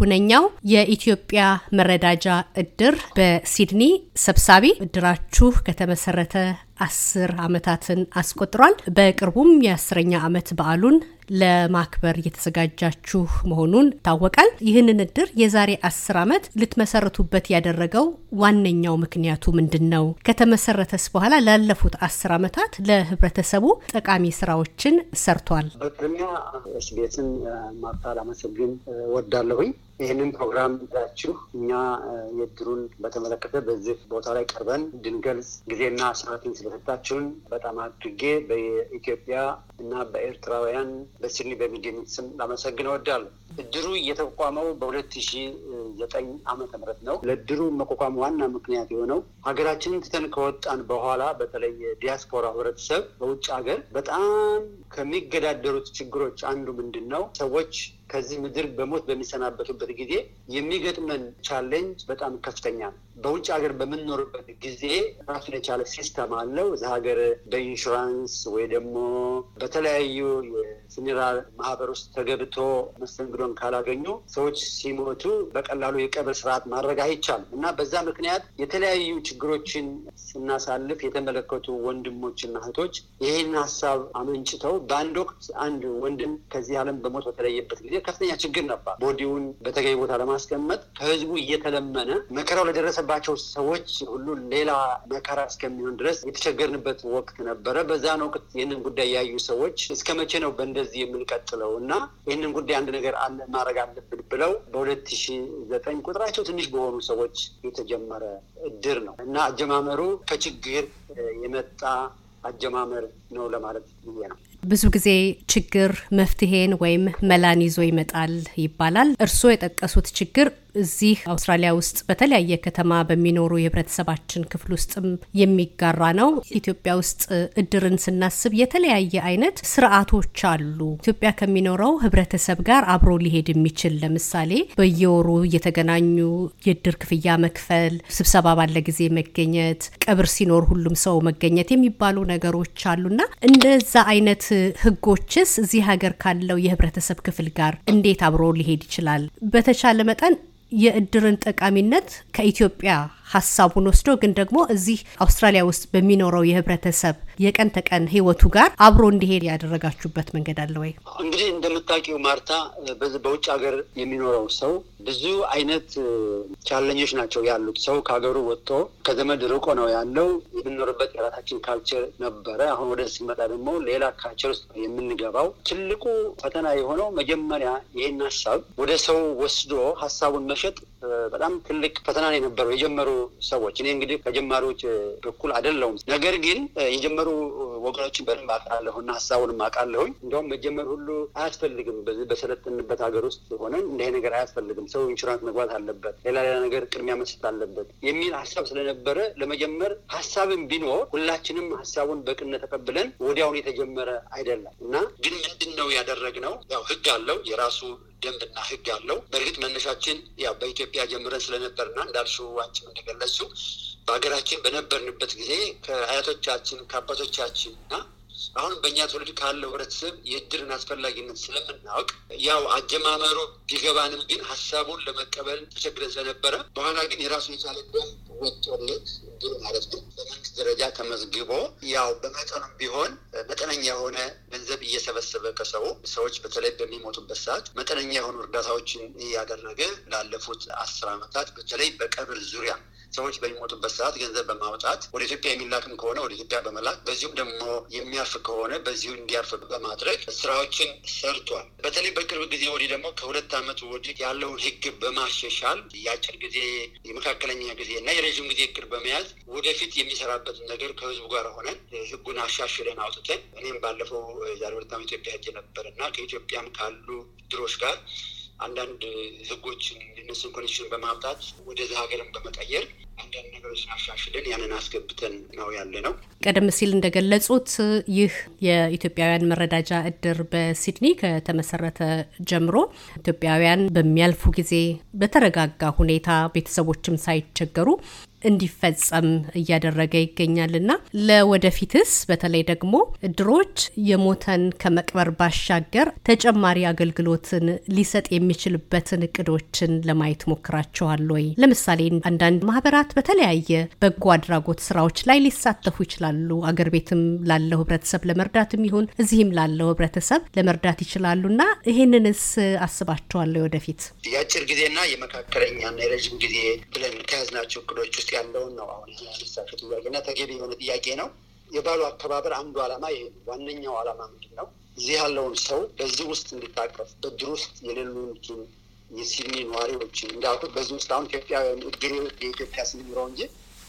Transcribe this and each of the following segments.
ሁነኛው የኢትዮጵያ መረዳጃ እድር በሲድኒ ሰብሳቢ እድራችሁ ከተመሰረተ አስር ዓመታትን አስቆጥሯል። በቅርቡም የአስረኛ ዓመት በዓሉን ለማክበር እየተዘጋጃችሁ መሆኑን ይታወቃል። ይህንን እድር የዛሬ አስር ዓመት ልትመሰርቱበት ያደረገው ዋነኛው ምክንያቱ ምንድን ነው? ከተመሰረተስ በኋላ ላለፉት አስር ዓመታት ለህብረተሰቡ ጠቃሚ ስራዎችን ሰርቷል። በቅድሚያ ስቤትን ማርታ ላመሰግን ወዳለሁኝ ይህንን ፕሮግራም ይዛችሁ እኛ የድሩን በተመለከተ በዚህ ቦታ ላይ ቀርበን እንድንገልጽ ጊዜና ሰዓትን ስለሰጣችሁን በጣም አድርጌ በኢትዮጵያ እና በኤርትራውያን በሲድኒ በሚገኙት ስም ላመሰግን እወዳለሁ። እድሩ እየተቋመው በሁለት ሺህ ዘጠኝ ዓመተ ምህረት ነው። ለድሩ መቋቋም ዋና ምክንያት የሆነው ሀገራችንን ትተን ከወጣን በኋላ በተለይ ዲያስፖራ ህብረተሰብ በውጭ ሀገር በጣም ከሚገዳደሩት ችግሮች አንዱ ምንድን ነው? ሰዎች ከዚህ ምድር በሞት በሚሰናበቱበት ጊዜ የሚገጥመን ቻሌንጅ በጣም ከፍተኛ ነው። በውጭ ሀገር በምንኖርበት ጊዜ ራሱን የቻለ ሲስተም አለው። እዚ ሀገር በኢንሹራንስ ወይ ደግሞ በተለያዩ የፊኔራል ማህበር ውስጥ ተገብቶ መስተንግዶን ካላገኙ ሰዎች ሲሞቱ በቀላ በቀላሉ የቀብር ስርዓት ማድረግ አይቻልም እና በዛ ምክንያት የተለያዩ ችግሮችን ስናሳልፍ የተመለከቱ ወንድሞችና እህቶች ይህን ሀሳብ አመንጭተው በአንድ ወቅት አንድ ወንድም ከዚህ ዓለም በሞት በተለየበት ጊዜ ከፍተኛ ችግር ነበር። ቦዲውን በተገኝ ቦታ ለማስቀመጥ ከህዝቡ እየተለመነ መከራው ለደረሰባቸው ሰዎች ሁሉ ሌላ መከራ እስከሚሆን ድረስ የተቸገርንበት ወቅት ነበረ። በዛን ወቅት ይህንን ጉዳይ ያዩ ሰዎች እስከ መቼ ነው በእንደዚህ የምንቀጥለው እና ይህንን ጉዳይ አንድ ነገር አለ ማድረግ አለብን ብለው በሁለት ሺ ዘጠኝ ቁጥራቸው ትንሽ በሆኑ ሰዎች የተጀመረ እድር ነው እና አጀማመሩ ከችግር የመጣ አጀማመር ነው ለማለት ብዬ ነው። ብዙ ጊዜ ችግር መፍትሄን ወይም መላን ይዞ ይመጣል ይባላል። እርስዎ የጠቀሱት ችግር እዚህ አውስትራሊያ ውስጥ በተለያየ ከተማ በሚኖሩ የህብረተሰባችን ክፍል ውስጥም የሚጋራ ነው። ኢትዮጵያ ውስጥ እድርን ስናስብ የተለያየ አይነት ስርዓቶች አሉ። ኢትዮጵያ ከሚኖረው ህብረተሰብ ጋር አብሮ ሊሄድ የሚችል ለምሳሌ በየወሩ እየተገናኙ የእድር ክፍያ መክፈል፣ ስብሰባ ባለ ጊዜ መገኘት፣ ቀብር ሲኖር ሁሉም ሰው መገኘት የሚባሉ ነገሮች አሉና እንደዛ አይነት ህጎችስ እዚህ ሀገር ካለው የህብረተሰብ ክፍል ጋር እንዴት አብሮ ሊሄድ ይችላል? በተቻለ መጠን የእድርን ጠቃሚነት ከኢትዮጵያ ሀሳቡን ወስዶ ግን ደግሞ እዚህ አውስትራሊያ ውስጥ በሚኖረው የህብረተሰብ የቀን ተቀን ህይወቱ ጋር አብሮ እንዲሄድ ያደረጋችሁበት መንገድ አለ ወይ? እንግዲህ እንደምታውቂው ማርታ፣ በውጭ ሀገር የሚኖረው ሰው ብዙ አይነት ቻለኞች ናቸው ያሉት። ሰው ከሀገሩ ወጥቶ ከዘመድ ርቆ ነው ያለው። የምንኖርበት የራሳችን ካልቸር ነበረ። አሁን ወደ ሲመጣ ደግሞ ሌላ ካልቸር ውስጥ የምንገባው። ትልቁ ፈተና የሆነው መጀመሪያ ይህን ሀሳብ ወደ ሰው ወስዶ ሀሳቡን መሸጥ በጣም ትልቅ ፈተና የነበረው የጀመሩ ሰዎች እኔ እንግዲህ ከጀማሪዎች እኩል አይደለሁም። ነገር ግን የጀመሩ ወገኖችን በደንብ አውቃለሁ እና ሀሳቡን አውቃለሁኝ። እንዲሁም መጀመር ሁሉ አያስፈልግም። በሰለጠንበት ሀገር ውስጥ ሆነን እንዲህ ነገር አያስፈልግም፣ ሰው ኢንሹራንስ መግባት አለበት፣ ሌላ ሌላ ነገር ቅድሚያ መስጠት አለበት የሚል ሀሳብ ስለነበረ ለመጀመር ሀሳብን ቢኖር ሁላችንም ሀሳቡን በቅነት ተቀብለን ወዲያውን የተጀመረ አይደለም እና ግን ምንድን ነው ያደረግነው ያው ህግ አለው የራሱ ደንብና ህግ አለው። በእርግጥ መነሻችን ያው በኢትዮጵያ ጀምረን ስለነበርና እንዳልሽው አንቺም እንደገለጹ በሀገራችን በነበርንበት ጊዜ ከአያቶቻችን ከአባቶቻችን እና አሁን በእኛ ትውልድ ካለው ህብረተሰብ የእድርን አስፈላጊነት ስለምናውቅ ያው አጀማመሩ ቢገባንም ግን ሀሳቡን ለመቀበል ተቸግረን ስለነበረ በኋላ ግን የራሱ የቻለ ወጥቶለት ድል ማለት ነው። በመንግስት ደረጃ ተመዝግቦ ያው በመጠኑም ቢሆን መጠነኛ የሆነ ገንዘብ እየሰበሰበ ከሰው ሰዎች በተለይ በሚሞቱበት ሰዓት መጠነኛ የሆኑ እርዳታዎችን እያደረገ ላለፉት አስር ዓመታት በተለይ በቀብር ዙሪያ ሰዎች በሚሞቱበት ሰዓት ገንዘብ በማውጣት ወደ ኢትዮጵያ የሚላክም ከሆነ ወደ ኢትዮጵያ በመላክ በዚሁም ደግሞ የሚያርፍ ከሆነ በዚሁ እንዲያርፍ በማድረግ ስራዎችን ሰርቷል። በተለይ በቅርብ ጊዜ ወዲህ ደግሞ ከሁለት ዓመት ወዲህ ያለውን ህግ በማሻሻል የአጭር ጊዜ የመካከለኛ ጊዜ እና የረዥም ጊዜ እቅድ በመያዝ ወደፊት የሚሰራበትን ነገር ከህዝቡ ጋር ሆነን ህጉን አሻሽለን አውጥተን እኔም ባለፈው ዛሬ ሁለት ዓመት ኢትዮጵያ ሄጄ ነበር እና ከኢትዮጵያም ካሉ ድሮች ጋር አንዳንድ ህጎችን የነሱን ኮንዲሽን በማምጣት ወደዚ ሀገርም በመቀየር አንዳንድ ነገሮችን አሻሽልን ያንን አስገብተን ነው ያለ ነው። ቀደም ሲል እንደገለጹት ይህ የኢትዮጵያውያን መረዳጃ እድር በሲድኒ ከተመሰረተ ጀምሮ ኢትዮጵያውያን በሚያልፉ ጊዜ በተረጋጋ ሁኔታ ቤተሰቦችም ሳይቸገሩ እንዲፈጸም እያደረገ ይገኛልና ለወደፊትስ በተለይ ደግሞ እድሮች የሞተን ከመቅበር ባሻገር ተጨማሪ አገልግሎትን ሊሰጥ የሚችልበትን እቅዶችን ለማየት ሞክራችኋል ወይ? ለምሳሌ አንዳንድ ማህበራት በተለያየ በጎ አድራጎት ስራዎች ላይ ሊሳተፉ ይችላሉ። አገር ቤትም ላለው ህብረተሰብ ለመርዳትም ይሁን እዚህም ላለው ህብረተሰብ ለመርዳት ይችላሉና ይህንንስ አስባችኋለሁ ወደፊት የአጭር ጊዜና የመካከለኛና የረዥም ጊዜ ብለን ከያዝናቸው እቅዶች ውስጥ ውስጥ ያለውን ነው አሁን ያነሳሽው ጥያቄ እና ተገቢ የሆነ ጥያቄ ነው። የባሉ አከባበር አንዱ ዓላማ ይሄ ዋነኛው ዓላማ ምንድን ነው? እዚህ ያለውን ሰው በዚህ ውስጥ እንዲታቀፍ በድር ውስጥ የሌሉትን የሲድኒ ነዋሪዎችን እንዳልኩት በዚህ ውስጥ አሁን ኢትዮጵያውያን እድር የኢትዮጵያ ስንምረው እንጂ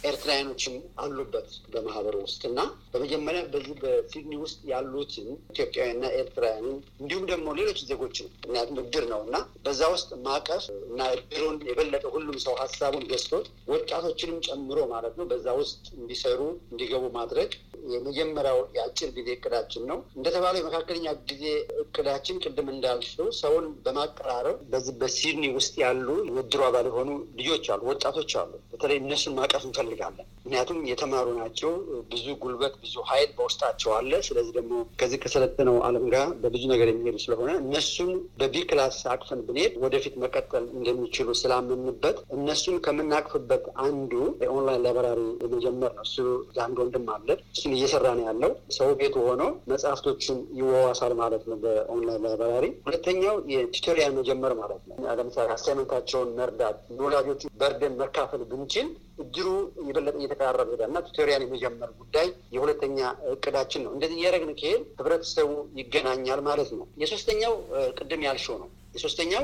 ኤርትራውያኖችም አሉበት በማህበሩ ውስጥ እና በመጀመሪያ በዚህ በሲድኒ ውስጥ ያሉትን ኢትዮጵያውያንና ኤርትራውያንን እንዲሁም ደግሞ ሌሎች ዜጎችን ምክንያቱም እድር ነው እና በዛ ውስጥ ማቀፍ እና እድሩን የበለጠ ሁሉም ሰው ሀሳቡን ገዝቶት ወጣቶችንም ጨምሮ ማለት ነው በዛ ውስጥ እንዲሰሩ እንዲገቡ ማድረግ የመጀመሪያው የአጭር ጊዜ እቅዳችን ነው። እንደተባለው የመካከለኛ ጊዜ እቅዳችን ቅድም እንዳልሽው ሰውን በማቀራረብ በዚህ በሲድኒ ውስጥ ያሉ የድሮ አባል የሆኑ ልጆች አሉ፣ ወጣቶች አሉ። በተለይ እነሱን ማቀፍ እንፈልጋለን። ምክንያቱም የተማሩ ናቸው። ብዙ ጉልበት፣ ብዙ ኃይል በውስጣቸው አለ። ስለዚህ ደግሞ ከዚህ ከሰለጠነው ዓለም ጋር በብዙ ነገር የሚሄዱ ስለሆነ እነሱን በቢ ክላስ አቅፈን ብንሄድ ወደፊት መቀጠል እንደሚችሉ ስላመንበት እነሱን ከምናቅፍበት አንዱ የኦንላይን ላይብራሪ የመጀመር ነው። እሱ አንድ ወንድም አለ። እሱን እየሰራ ነው ያለው። ሰው ቤቱ ሆኖ መጽሐፍቶችን ይዋዋሳል ማለት ነው በኦንላይን ላይብራሪ። ሁለተኛው የቱቶሪያል መጀመር ማለት ነው። ለምሳሌ አሳይመንታቸውን መርዳት፣ ለወላጆቹ በርደን መካፈል ብንችል ችግሩ የበለጠ እየተቀራረበ ይሄዳል እና ቱቶሪያን የመጀመር ጉዳይ የሁለተኛ እቅዳችን ነው። እንደዚህ እያደረግን ከሄድ ህብረተሰቡ ይገናኛል ማለት ነው። የሶስተኛው ቅድም ያልሽው ነው። የሶስተኛው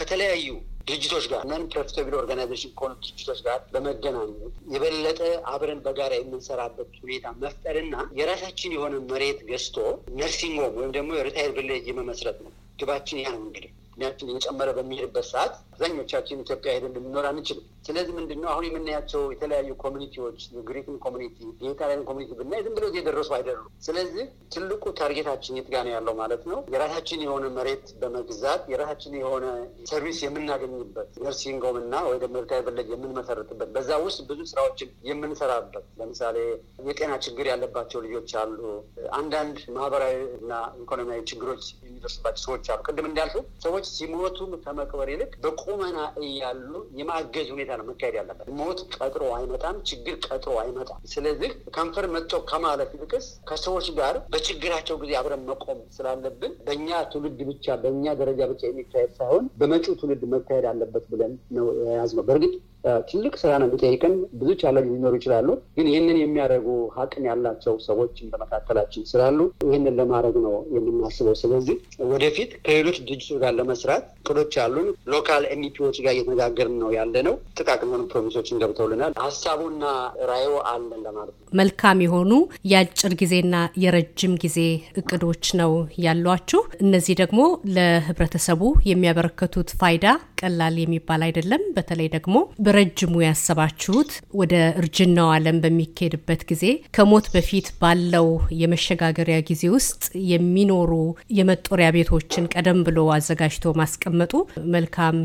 ከተለያዩ ድርጅቶች ጋር ነን ፕሮፊታብል ኦርጋናይዜሽን ከሆኑ ድርጅቶች ጋር በመገናኘት የበለጠ አብረን በጋራ የምንሰራበት ሁኔታ መፍጠርና የራሳችን የሆነ መሬት ገዝቶ ነርሲንግ ሆም ወይም ደግሞ ሪታይር ቪሌጅ የመመስረት ነው። ግባችን ያ ነው እንግዲህ እድሜያችን እየጨመረ በሚሄድበት ሰዓት አብዛኞቻችን ኢትዮጵያ ሄደን ልንኖር አንችልም። ስለዚህ ምንድን ነው አሁን የምናያቸው የተለያዩ ኮሚኒቲዎች የግሪክን ኮሚኒቲ፣ የኢጣሊያን ኮሚኒቲ ብናይ ዝም ብሎ የደረሱ አይደሉም። ስለዚህ ትልቁ ታርጌታችን የት ጋ ነው ያለው ማለት ነው። የራሳችን የሆነ መሬት በመግዛት የራሳችን የሆነ ሰርቪስ የምናገኝበት ነርሲንግ ሆም እና ወይ ደግሞ ርታ በለጅ የምንመሰረትበት በዛ ውስጥ ብዙ ስራዎችን የምንሰራበት ለምሳሌ የጤና ችግር ያለባቸው ልጆች አሉ። አንዳንድ ማህበራዊ እና ኢኮኖሚያዊ ችግሮች የሚደርስባቸው ሰዎች አሉ። ቅድም እንዳልኩ ሰዎች ሲሞቱም ከመቅበር ይልቅ በቁመና እያሉ የማገዝ ሁኔታ ነው መካሄድ ያለበት። ሞት ቀጥሮ አይመጣም፣ ችግር ቀጥሮ አይመጣም። ስለዚህ ከንፈር መጥቶ ከማለት ይልቅስ ከሰዎች ጋር በችግራቸው ጊዜ አብረን መቆም ስላለብን በእኛ ትውልድ ብቻ በእኛ ደረጃ ብቻ የሚካሄድ ሳይሆን በመጪው ትውልድ መካሄድ አለበት ብለን ነው የያዝነው በእርግጥ ትልቅ ስራ ነው የሚጠይቀን። ብዙ ቻለንጅ ሊኖሩ ይችላሉ፣ ግን ይህንን የሚያደርጉ አቅም ያላቸው ሰዎችን በመካከላችን ስላሉ ይህንን ለማድረግ ነው የምናስበው። ስለዚህ ወደፊት ከሌሎች ድርጅቶች ጋር ለመስራት እቅዶች አሉን። ሎካል ኤምፒዎች ጋር እየተነጋገርን ነው ያለ ነው። ጥቃቅን የሆኑ ፕሮሚሶችን ገብተውልናል። ሀሳቡና ራዕዩ አለን ለማለት ነው። መልካም የሆኑ የአጭር ጊዜና የረጅም ጊዜ እቅዶች ነው ያሏችሁ። እነዚህ ደግሞ ለህብረተሰቡ የሚያበረከቱት ፋይዳ ቀላል የሚባል አይደለም። በተለይ ደግሞ በረጅሙ ያሰባችሁት ወደ እርጅናው ዓለም በሚካሄድበት ጊዜ ከሞት በፊት ባለው የመሸጋገሪያ ጊዜ ውስጥ የሚኖሩ የመጦሪያ ቤቶችን ቀደም ብሎ አዘጋጅቶ ማስቀመጡ መልካም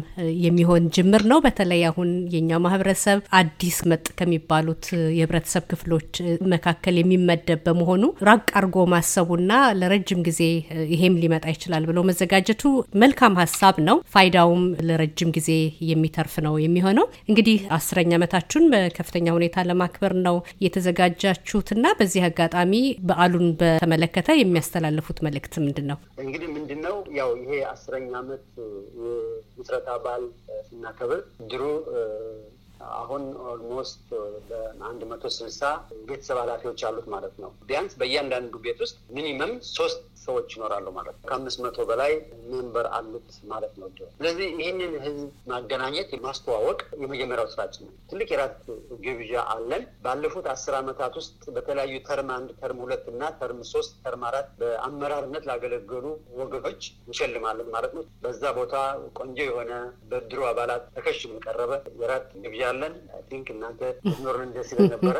የሚሆን ጅምር ነው። በተለይ አሁን የኛው ማህበረሰብ አዲስ መጥ ከሚባሉት የህብረተሰብ ክፍሎች መካከል የሚመደብ በመሆኑ ራቅ አርጎ ማሰቡና ለረጅም ጊዜ ይሄም ሊመጣ ይችላል ብሎ መዘጋጀቱ መልካም ሀሳብ ነው። ፋይዳውም ለረጅም ጊዜ የሚተርፍ ነው የሚሆነው እንግዲህ እንግዲህ አስረኛ ዓመታችሁን በከፍተኛ ሁኔታ ለማክበር ነው የተዘጋጃችሁትና በዚህ አጋጣሚ በዓሉን በተመለከተ የሚያስተላልፉት መልእክት ምንድን ነው? እንግዲህ ምንድን ነው ያው ይሄ አስረኛ ዓመት ምስረታ በዓል ስናከብር ድሮ አሁን ኦልሞስት በአንድ መቶ ስልሳ ቤተሰብ ኃላፊዎች አሉት ማለት ነው። ቢያንስ በእያንዳንዱ ቤት ውስጥ ሚኒመም ሶስት ሰዎች ይኖራሉ ማለት ነው። ከአምስት መቶ በላይ መንበር አሉት ማለት ነው። ስለዚህ ይህንን ህዝብ ማገናኘት ማስተዋወቅ የመጀመሪያው ስራችን ነው። ትልቅ የራት ግብዣ አለን። ባለፉት አስር ዓመታት ውስጥ በተለያዩ ተርም አንድ፣ ተርም ሁለት እና ተርም ሶስት፣ ተርም አራት በአመራርነት ላገለገሉ ወገኖች እንሸልማለን ማለት ነው። በዛ ቦታ ቆንጆ የሆነ በድሮ አባላት ተከሽም ቀረበ የራት ግብዣ አለን። አይ ቲንክ እናንተ ኖርን ደስ ነበረ።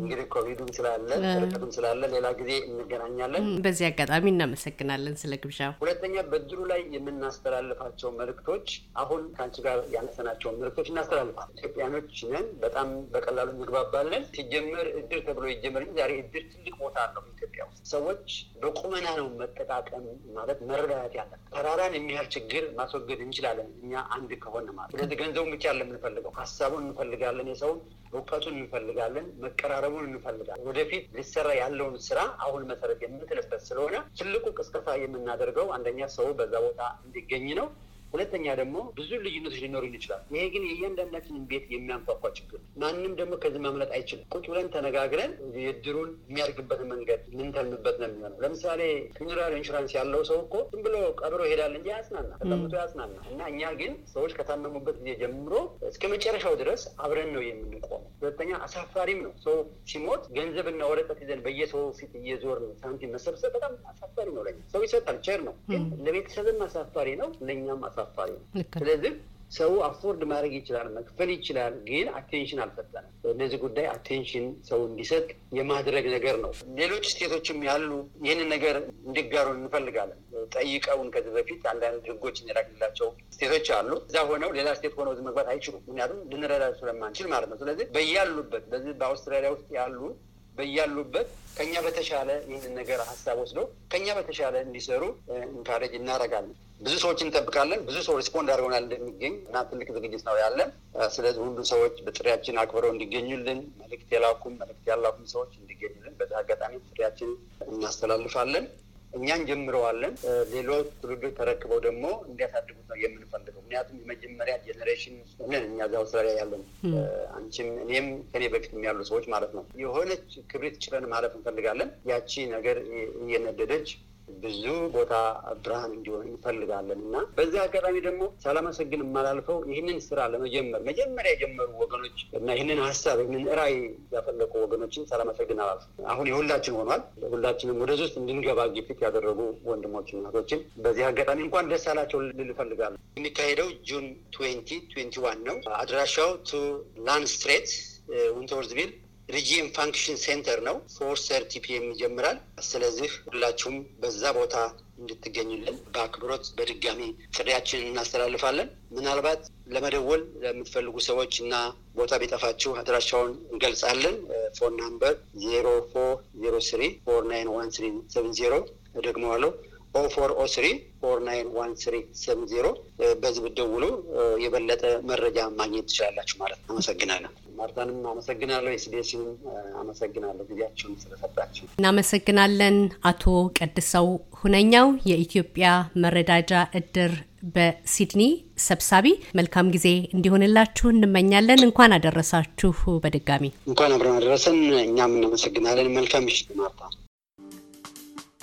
እንግዲህ ኮቪዱም ስላለ ርቀቱም ስላለ ሌላ ጊዜ እንገናኛለን። በዚህ አጋጣሚ እናመሰግናለን ስለ ግብዣው። ሁለተኛ በድሩ ላይ የምናስተላልፋቸው መልእክቶች አሁን ከአንቺ ጋር ያነሰናቸው መልእክቶች እናስተላልፋል። ኢትዮጵያኖች ነን፣ በጣም በቀላሉ እንግባባለን። ሲጀምር እድር ተብሎ ይጀምር እንጂ ዛሬ እድር ትልቅ ቦታ አለው ኢትዮጵያ ውስጥ። ሰዎች በቁመና ነው መጠቃቀም ማለት መረዳዳት ያለ ተራራን የሚያህል ችግር ማስወገድ እንችላለን እኛ አንድ ከሆነ ማለት። ስለዚህ ገንዘቡን ብቻ ለምንፈልገው ሀሳቡን እንፈልጋለን የሰውን እውቀቱን እንፈልጋለን፣ መቀራረቡን እንፈልጋለን። ወደፊት ሊሰራ ያለውን ስራ አሁን መሰረት የምትልበት ስለሆነ ትልቁ ቅስቀሳ የምናደርገው አንደኛ ሰው በዛ ቦታ እንዲገኝ ነው። ሁለተኛ ደግሞ ብዙ ልዩነቶች ሊኖሩን ይችላል። ይሄ ግን የእያንዳንዳችንን ቤት የሚያንኳኳ ችግር፣ ማንም ደግሞ ከዚህ ማምለጥ አይችልም። ቁጭ ብለን ተነጋግረን የድሩን የሚያድግበት መንገድ ምንተንበት ነው የሚሆነው። ለምሳሌ ፊውነራል ኢንሹራንስ ያለው ሰው እኮ ዝም ብሎ ቀብሮ ይሄዳል እንጂ ያጽናና ተጠምቶ ያጽናና እና እኛ ግን ሰዎች ከታመሙበት ጊዜ ጀምሮ እስከ መጨረሻው ድረስ አብረን ነው የምንቆመው። ሁለተኛ አሳፋሪም ነው። ሰው ሲሞት ገንዘብና ወረቀት ይዘን በየሰው ፊት እየዞር ሳንቲም መሰብሰብ በጣም አሳፋሪ ነው። ለኛ ሰው ይሰጣል፣ ቸር ነው፣ ግን ለቤተሰብም አሳፋሪ ነው፣ ለእኛም አሳፋሪ ነው። ስለዚህ ሰው አፎርድ ማድረግ ይችላል፣ መክፈል ይችላል። ግን አቴንሽን አልፈጠነም። ለዚህ ጉዳይ አቴንሽን ሰው እንዲሰጥ የማድረግ ነገር ነው። ሌሎች ስቴቶችም ያሉ ይህንን ነገር እንዲጋሩ እንፈልጋለን። ጠይቀውን ከዚህ በፊት አንዳንድ ህጎች እንላክላቸው ስቴቶች አሉ። እዛ ሆነው ሌላ ስቴት ሆነው እዚህ መግባት አይችሉም። ምክንያቱም ልንረዳ ስለማንችል ማለት ነው። ስለዚህ በያሉበት በዚህ በአውስትራሊያ ውስጥ ያሉ በያሉበት ከኛ በተሻለ ይህንን ነገር ሀሳብ ወስደው ከኛ በተሻለ እንዲሰሩ እንካሬጅ እናደርጋለን። ብዙ ሰዎች እንጠብቃለን። ብዙ ሰው ሪስፖንድ አድርገናል እንደሚገኝ እና ትልቅ ዝግጅት ነው ያለን። ስለዚህ ሁሉ ሰዎች በጥሪያችን አክብረው እንዲገኙልን መልእክት የላኩም መልእክት ያላኩም ሰዎች እንዲገኙልን በዚህ አጋጣሚ ጥሪያችን እናስተላልፋለን። እኛን ጀምረዋለን፣ ሌሎች ትውልዶች ተረክበው ደግሞ እንዲያሳድጉት ነው የምንፈልገው። ምክንያቱም የመጀመሪያ ጀኔሬሽን ነን እኛ ዛ አውስትራሊያ ያለን አንቺም እኔም ከኔ በፊት የሚያሉ ሰዎች ማለት ነው። የሆነች ክብሪት ችለን ማለፍ እንፈልጋለን። ያቺ ነገር እየነደደች ብዙ ቦታ ብርሃን እንዲሆን እንፈልጋለን እና በዚህ አጋጣሚ ደግሞ ሳላመሰግን የማላልፈው ይህንን ስራ ለመጀመር መጀመሪያ የጀመሩ ወገኖች እና ይህንን ሀሳብ ይህንን ራዕይ ያፈለቁ ወገኖችን ሳላመሰግን አላልፈው። አሁን የሁላችን ሆኗል። ሁላችንም ወደ ሶስት እንድንገባ ግፊት ያደረጉ ወንድሞች እናቶችን በዚህ አጋጣሚ እንኳን ደስ አላቸው ልል የሚካሄደው ጁን ትዌንቲ ትዌንቲ ዋን ነው። አድራሻው ቱ ላንድ ስትሬት ሪጂም ፋንክሽን ሴንተር ነው። ፎር ሰርቲ ፒኤም ይጀምራል። ስለዚህ ሁላችሁም በዛ ቦታ እንድትገኙልን በአክብሮት በድጋሚ ጥሪያችን እናስተላልፋለን። ምናልባት ለመደወል ለምትፈልጉ ሰዎች እና ቦታ ቢጠፋችሁ አድራሻውን እንገልጻለን። ፎን ናምበር ዜሮ ፎር ዜሮ ስሪ ፎር ናይን ዋን ስሪ ሰቨን ዜሮ ደግሞ አለው ኦ ፎር ኦ ስሪ ፎር ናይን ዋን ስሪ ሰብን ዜሮ በዚህ ብደውሉ የበለጠ መረጃ ማግኘት ትችላላችሁ ማለት ነው። አመሰግናለሁ። ማርታንም አመሰግናለሁ። ኤስቢኤስንም አመሰግናለሁ ጊዜያችሁን ስለሰጣችሁ። እናመሰግናለን። አቶ ቀድሰው ሁነኛው የኢትዮጵያ መረዳጃ እድር በሲድኒ ሰብሳቢ፣ መልካም ጊዜ እንዲሆንላችሁ እንመኛለን። እንኳን አደረሳችሁ። በድጋሚ እንኳን አብረን አደረሰን። እኛም እናመሰግናለን። መልካም ምሽት።